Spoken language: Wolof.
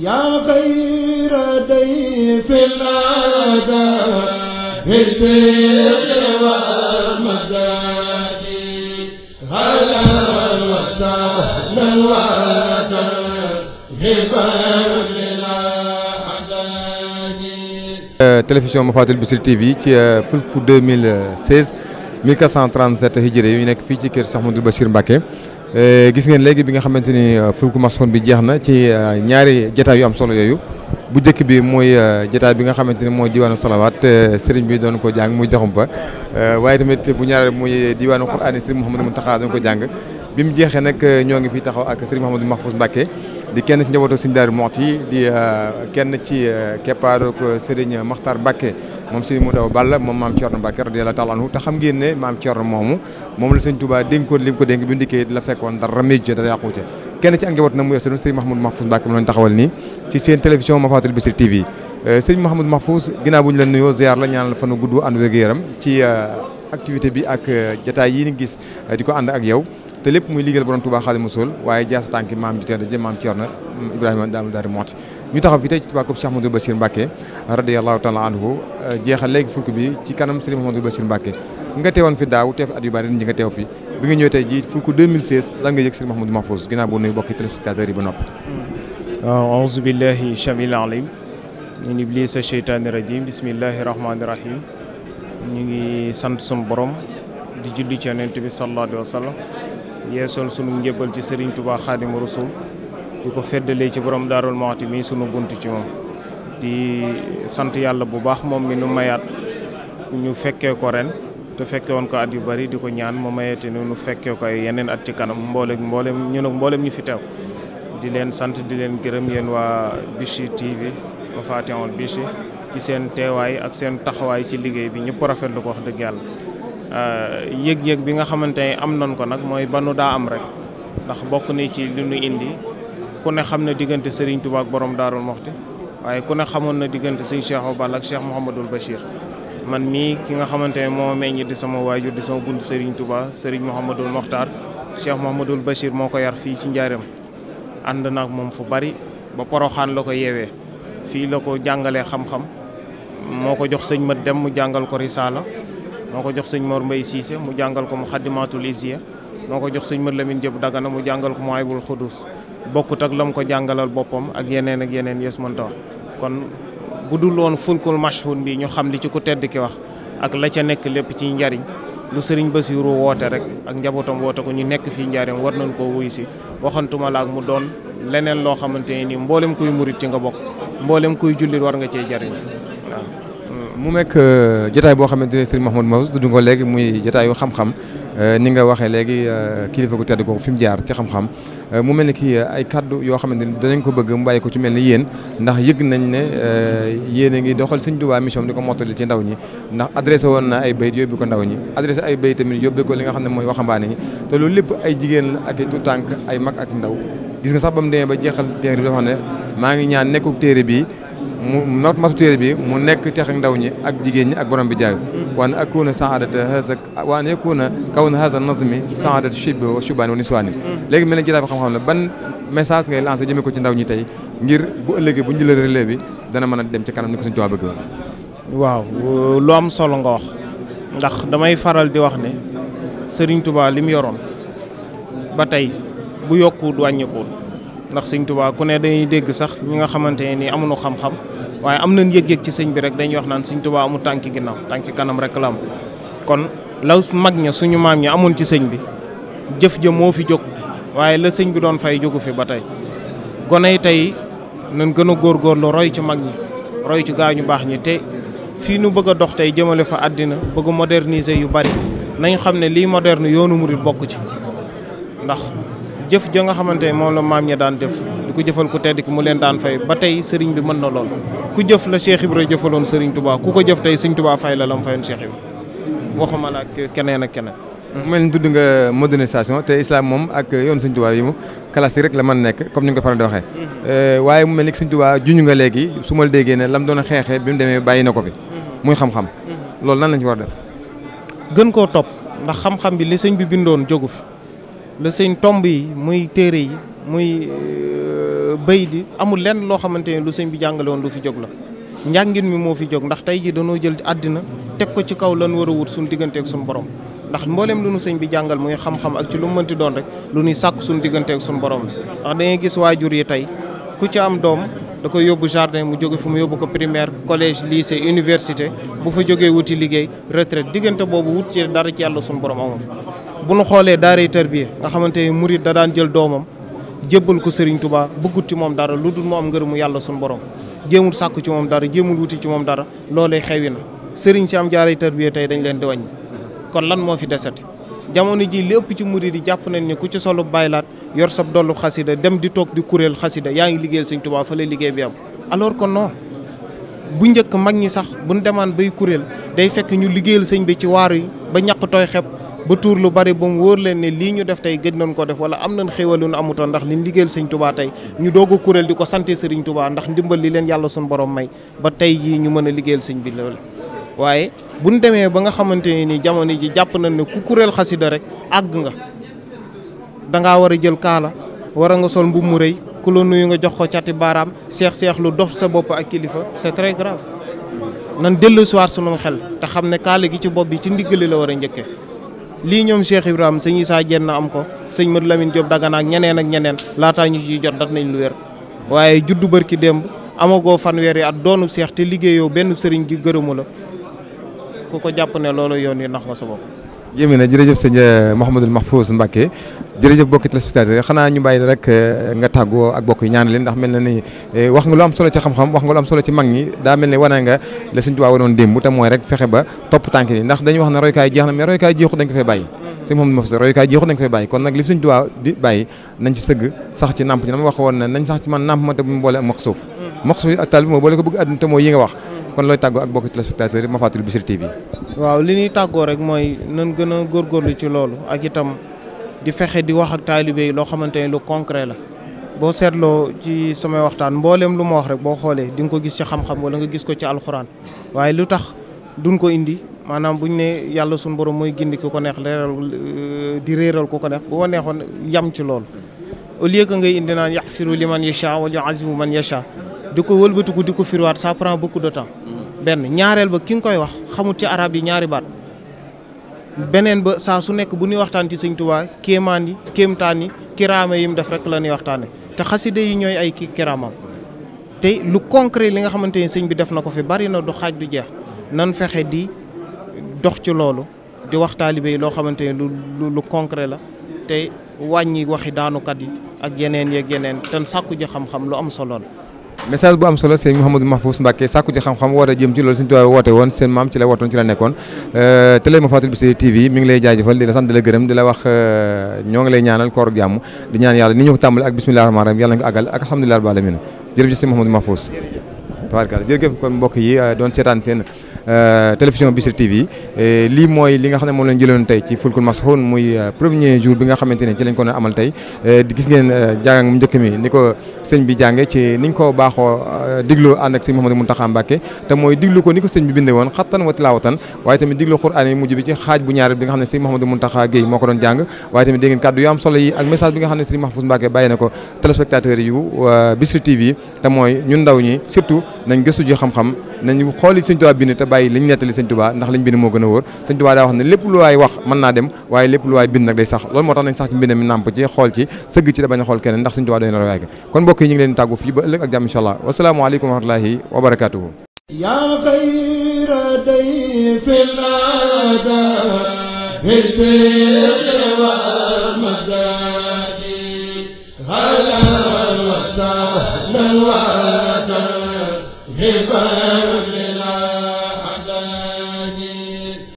yaa xayra day filada hilbiri wa madadi halan wa sahlan wa tarhiban télévision Mafatul Bichri TV ci fulku 2016 1437 hijri yu nekk fii ci kër Cheikh Mouhamadoul Bachir Mbacké Eh, gis ngeen léegi bi nga xamante ni euh, fulku maçon bi jeex na ci euh, ñaari jataay yu am solo yooyu bu njëkk bi mooy euh, jotaay bi nga xamante ni mooy diwaanu salawaat sëriñ bi doon ko jàng muy ba waaye tamit bu ñaareel muy diwaanu quraan sëriñ Mouhamadou Mountakha doon ko jàng bi mu jeexee nag ñoo ngi fi taxaw ak sëriñ Mouhamadou Mahfouz Mbacké di kenn ci njabootu Serigne Darou Mouhty di euh, kenn ci euh, keppaaruk Serigne Makhtar Mbacké moom Serigne Modou Awa Balla moom ma maam Thierno Mbacké radiyallahu ta'ala anhu te xam ngeen ne maam Thierno moomu moom la Serigne Touba dénkoon li mu ko dénk bi mu dikkee la fekkoon dara méjjo dara yàqu ca kenn ci ak njaboot na mu yor Serigne Mahmoud Mahfouz Mbacké moom lañ taxawal nii ci seen télévision Mafatul Bichri TV euh, Serigne Mahmoud Mahfouz ginnaaw bu ñu la nuyoo ziar la ñaanal fanu gudd ànd wér-gu-yaram ci activité bi ak jataay yi ni gis di ko ànd ak yow te lépp muy liggéeyal borom Touba Xaadimu Rasuul waaye jaas tànki maam ji tedd jë maam Cerno Ibrahima Daam Daari Mooti ñu taxaw fi tey ci Touba Kër Cheikh Mamadou Bachir Mbacke radiyallahu taala anhu euh, jeexal léegi fulk bi ci kanam Serigne Mamadou Bachir Mbacke nga teewoon fi daaw teew fi at yu bari ñi nga teew fi bi nga ñëw tey jii fulk 2016 nga yëg Serigne Mamadou Mahfouz ginnaaw boo nuyu bokki téléspectateurs yi ba ah, bismillahi rahmaani rahim yeesal sunu njëbbal ci Serigne Touba Xaadimu Rasuul di ko feddalee ci borom Daarul Muxti mii sunu bunt ci moom di sant yàlla bu baax moom mi nu mayaat ñu fekkee ko ren te fekke woon ko at yu bari di ko ñaan mu mayete ni nu fekkee ko ay yeneen at ci kanam mbooleek mbooleem ñu nag mboolem ñu fi teew di leen sant di leen gërëm yéen waa Bichri TV ma faatewul Bichri ci seen teewaay ak seen taxawaay ci liggéey bi ñëpp rafetlu ko wax dëgg yàlla Euh, yëg-yëg bi nga xamante ne am nañ ko nag mooy banu daa am rek ndax bokk na ci li nu indi ku ne xam na diggante Serigne Touba ak borom Darou Mokhti waaye ku ne xamoon na diggante sëñ Cheikh Obal ak Cheikh Mouhamadul Bachir man mii ki nga xamante ne moo meññ di sama waajur di sama bunt Serigne Touba Serigne Mouhamadul Mokhtar Cheikh Mouhamadul Bachir moo ko yar fii ci njaaram ànd na ak moom fu bari ba poroxaan la ko yeewee fii la ko jàngalee xam-xam moo ko jox sëñ ma dem mu jàngal ko risaala moo ko jox sëñ moor mbay Cissé mu jàngal ko mu xaddimatul isiya moo ko jox sëñ Mor Lamine Diop Dagana mu jàngal ko mu aybul xudus bokkut ak lam ko jàngalal boppam ak yeneen ak yeneen yes mënta wax kon bu dul woon fulkul mashhun bi ñu xam li ci ku tedd ki wax ak la ca nekk lépp ci njariñ lu sëriñ Basiru woote rek ak njabootam woote ko ñu nekk fii njariñ war nañ koo wuy si waxantuma laag mu doon leneen loo xamante ne nii mboolem kuy murit ci nga bokk mboolem kuy jullit war nga cee jariñ mu nekk euh, jotaay boo xamante ne Serigne Mahmoud Mawz tudd nga léegi muy jotaayu xam-xam euh, ni nga waxee léegi euh, kilifa gu tedd ko fi mu jaar ci xam-xam mu mel ne kii ay kaddu yoo xamante ni danañ ko bëgg mu bàyyi ko ci mel ni yéen ndax yëg nañ ne yéen a ngi doxal Serigne Touba mission di ko mottali ci ndaw ñi ndax adressé woon na ay bay yóbbu ko ndaw ñi adressé ay bayit tamit yóbbu ko li nga xam ne mooy waxambaane yi te loolu lépp ay jigéen la ak i tànk ay mag ak ndaw gis nga sax ba mu demee ba jeexal téere bi dafa ne maa ngi ñaan nekkub téere bi mu not matu téere bi mu nekk texe ndaw ñi ak jigéen ñi ak borom bi jaay waan akuna saadat haza waan yakuna sa haza nazmi saadat shibbi wa shubaan wa niswaani léegi mel na jitaay xam-xam la ban message ngay lancé jëmee ko ci ndaw ñi tey ngir bu bu ñu jëlee relais bi dana mën a dem ci kanam ni ko suñu tubaab bëgg waaw am solo nga ndax damay faral di wax ne Serigne Touba li mu yoroon ba tey bu yokkuwut wàññikuwul ndax Serigne Touba ku ne dañuy dégg sax ñi nga xamante ne nii amuñu xam-xam waaye am nañ yëg-yëg ci sëñ bi rek dañuy wax naan sëñ Tuubaa amul tànki ginnaaw tànki kanam rek la am kon law mag ña suñu maam ñi amoon ci sëñ bi jëf ja moo fi jóg waaye la sëñ bi doon fay jógu fi ba tey gone yi tey nañ gën a góorgóorlu roy ci mag ñi roy ci gaa ñu baax ñi te fii nu bëgg a dox tey jëmale fa àddina bëgg moderniser yu bari nañu xam ne lii moderne yoonu murit bokk ci ndax jëf ja nga xamante moom la maam ña daan def di ko jëfal ku tedd ki mu leen daan fay ba tey sëriñ bi mën na lool ku jëf la Cheikh Ibra jëfaloon sëriñ Touba ku ko jëf tey sëriñ Touba fay la lam fayoon Cheikh Ibra waxuma la ak keneen ak keneen. mel ni tudd nga modernisation te islam moom ak yoon Sëñ Tuubaa yi mu classique rek la mën nekk comme ni nga ko faral di waxee. Mhm. waaye mu mel ni Sëñ Tuubaa juñu nga léegi su ma déggee ne lam doon xeexee bi mu demee bàyyi na ko fi. Mhm. muy xam-xam. Mhm. loolu nan lañ li sëñ bi bindoon jógu fi la sëñ tomb yi bay di amul lenn loo xamante ne lu sëñ bi jàngale woon lu fi jóg la njàngin mi moo fi jóg ndax tey ji danoo jël àddina teg ko ci kaw lan war wut suñu digganteeg suñu borom ndax mbooleem lu nu sëñ bi jàngal muy xam-xam ak ci lu mu mënti doon rek lu ñuy sàkk suñu digganteeg suñu borom la ndax dangay gis waajur yi tey ku ci am doom da koy yóbbu jardin mu jóge fu mu yóbbu ko primaire collège lycée université bu fa jógee wuti liggéey retraite diggante boobu wut ci dara ci yàlla suñu borom amoon bu nu xoolee daaray tarbiya nga xamante ne murid da daan jël doomam jébbal ko Serigne Touba bëggut ci moom dara lu dul mu am mu yàlla suñu borom jéemul sàkku ci moom dara jéemul wuti ci moom dara loolee xewi na Serigne si am jaaray tarbiya tey dañ leen di wàññi kon lan moo fi desati jamono ji li ëpp ci murid di jàpp nañ ne ku ci solu baylaat yor sab dollu xasida dem di toog di kuréel xasida yaa ngi liggéeyal Serigne Touba fa la liggéey bi am alors que non bu njëkk mag ñi sax buñ demaan bay kuréel day fekk ñu liggéeyal sëñ bi ci waar yi ba ñàkk tooy xep ba tuur lu bari ba mu wóor leen ne lii ñu def tey gëj nañ ko def wala am nañ xéewal lu ndax liñ liggéeyal sëñ tubaa tey ñu doog kuréel di ko sante sëriñ tubaa ndax ndimbal li leen yàlla suñu borom may ba tey jii ñu mën a liggéeyal sañ bi loolu waaye buñ demee ba nga xamante ne ni jamono ji jàpp nañ ne ku kuréel xasida rek àgg nga dangaa war a jël kaala wara nga sol mbubb mu rëy ku la nuyu nga jox ko cati baaraam seex seex lu dox sa bopp ak kilifa c'est très grave nan dellu soir sunu xel te xam ne kaala gi ci bopp bi ci ndiggale la war a njëkkee lii ñoom Cheikh Ibrahima sëñ Issa Dieng am ko sëñ Mad Lamine Diop Dagana ak ñeneen ak ñeneen laataa ñu ciy jot dat nañ lu wér waaye juddu bërki démb amagoo fanweeri at doonu seex te liggéeyoo benn sëriñ gi gërëmu la ku ko jàpp ne loolu yoon yi nax ma sa bopp yéeme na jërëjëf sëñ euh, Mouhamadul Mahfouz Mbacké jërëjëf bokki téléspectateurs yi xanaa ñu bàyyi la rek euh, nga tàggoo ak bokk yi ñaan leen ndax mel na ni euh, wax nga lu am solo ci xam-xam wax nga lu am solo ci mag ñi daa mel ne wane nga la sëñ Tuubaa wanoon démb te mooy rek fexe ba topp tànk ni ndax dañu wax ne roykaay jeex na mais roykaay jeexut dañ ko fee bàyyi sëñ moom mof si royukaay jeexut nañ ko fay bàyyi kon nag li suñ tuwaa di bàyyi nañ ci sëgg sax ci namp ci dama wax woon ne nañ sax ci man namp ma te bu mu boole ak maqsuuf maqsuuf ak taal mooy yi nga wax kon looy tàggoo ak bokk yi ci loolu ak itam di fexe di wax ak taalibe yi loo xamante ne lu concret la boo seetloo ci samay waxtaan mbooleem lu ma wax rek boo xoolee di nga ko gis ci xam-xam wala nga gis ko ci alxuraan waaye lu tax duñ ko indi maanaam bu ñu nee yàlla suñu borom mooy gindi ko ko neex leeral euh, di réeral ko ko neex bu ma neexoon yam ci lool au lieu que ngay indi naan yaxfiru li man yacha wala yuazibu man yacha di ko wëlbati ku di ko firiwaat ça prend beaucoup de temps benn ñaareel ba ki nga koy wax xamut ci arab yi ñaari baat beneen ba saa su nekk bu nuy waxtaan ci sëñ Tuubaa kéemaan yi kéemtaan yi kiraama yi mu def rek la ñuy waxtaane te xaside yi ñooy ay kii kiraamam te lu concret li nga xamante ni sëñ bi def na ko fi bari na du xaaj jeex dox ci loolu di wax taalibe yi loo xamante lu concret la te wàññi waxi daanukat yi ak yeneen yeeg yeneen ten sàkku ji xam-xam lu am solo la. message bu am solo sëñ a jëm ci loolu sëñ Tuubaa woote seen maam ci la wootoon ci la nekkoon euh, télé Mafaatihul mi ngi lay jaajëfal di di la gërëm di la wax euh, ñoo ngi lay ñaanal koor ak jàmm di ñaan yàlla ni ñu ko tàmbali ak bismillahi rahmaani rahim yàlla nañu kon mbokk yi euh, doon seetaan seen Euh, télévision Bichri TV lii mooy li nga xam ne moom lañ jëloon tey ci fulkul masxuun muy euh, premier jour bi nga xamante ne ci lañ ko doon amal tey euh, gis ngeen jàng mu njëkk mi ni ko sëñ bi jàng ci niñ ko baaxoo diglu ànd ak sëñ Mouhamadou Mountakha Mbacké te mooy diglu ko ni ko sëñ bi bindee woon xattan wa tilaawatan waaye tamit diglu xuraan yi mujj bi ci xaaj bu ñaareel bi nga xam ne sëñ Mouhamadou Mountakha Guèye moo ko doon jàng waaye tamit dégg ngeen mooy ñun ndaw ñi surtout nañ gëstu ji xam nañu xooli sëñ Tuubaa bind te bàyyi liñ nettali sëñ Tuubaa ndax liñ bind moo gën a wóor sëñ Tuubaa daa wax ne lépp lu waay wax mën naa dem waaye lépp lu waay bind nag day sax loolu moo tax nañ sax ci mbind mi nàmp ci xool ci sëgg ci da bañ a xool keneen ndax sëñ Tuubaa doy na royaay kon mbokk ñu ngi leen tàggu fii ba ëllëg ak jàmm incha allah wasalaamu aleykum wa rahmatullahi wa barakatuhu yaa xayra